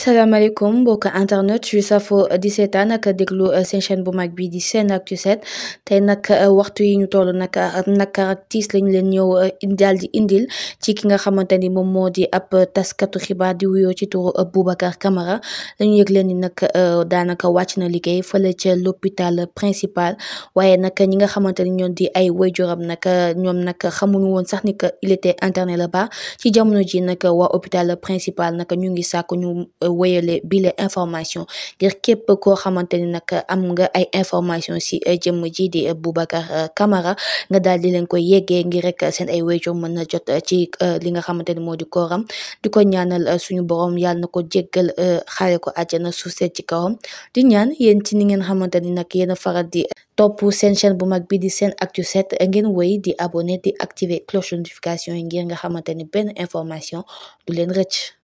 salaamaaleykum mbokk internet yu safo di seetaan ak déglu euh, seen chaîne bu mag bi di SENactu 7 tey nag euh, waxtu yi ñu toll nag euh, nakar ak tiis lañ leen ñëw daal di indil ci ki nga xamante ni moom moo di ab taskatu xibaar di wuyoo ci turu Boubacar Camara la yëg leen ni nag daanaka wàcc na liggéey fële ca l'hôpital principal waaye nag ñi nga xamante ni ñoom di ay waajuram nag ñoom nag xamuñu woon sax ni que il était la là-bas ci jamono ji nag waa hôpital principal nag ñu ngi sàkku ñu wéyale bi la information ngir képp koo xamante nak am nga ay information si eh, jëmm ji di eh, Boubacar eh, Camara nga daal di leen koy yeggee ngir rek seen ay wéyjo mën na jot ci li nga xamante ni moo di kooram di ko ñaanal suñu borom yàlla na ko jéggal xaare ko àjjana suuf seet ci kawam di ñaan yéen ci ni ngeen xamante nak yéen a faral di topp seen chaîne bu mag bi di actu 7 ngeen wéy di abonné di activer cloche notification yi ngir nga xamante benn information du leen rëcc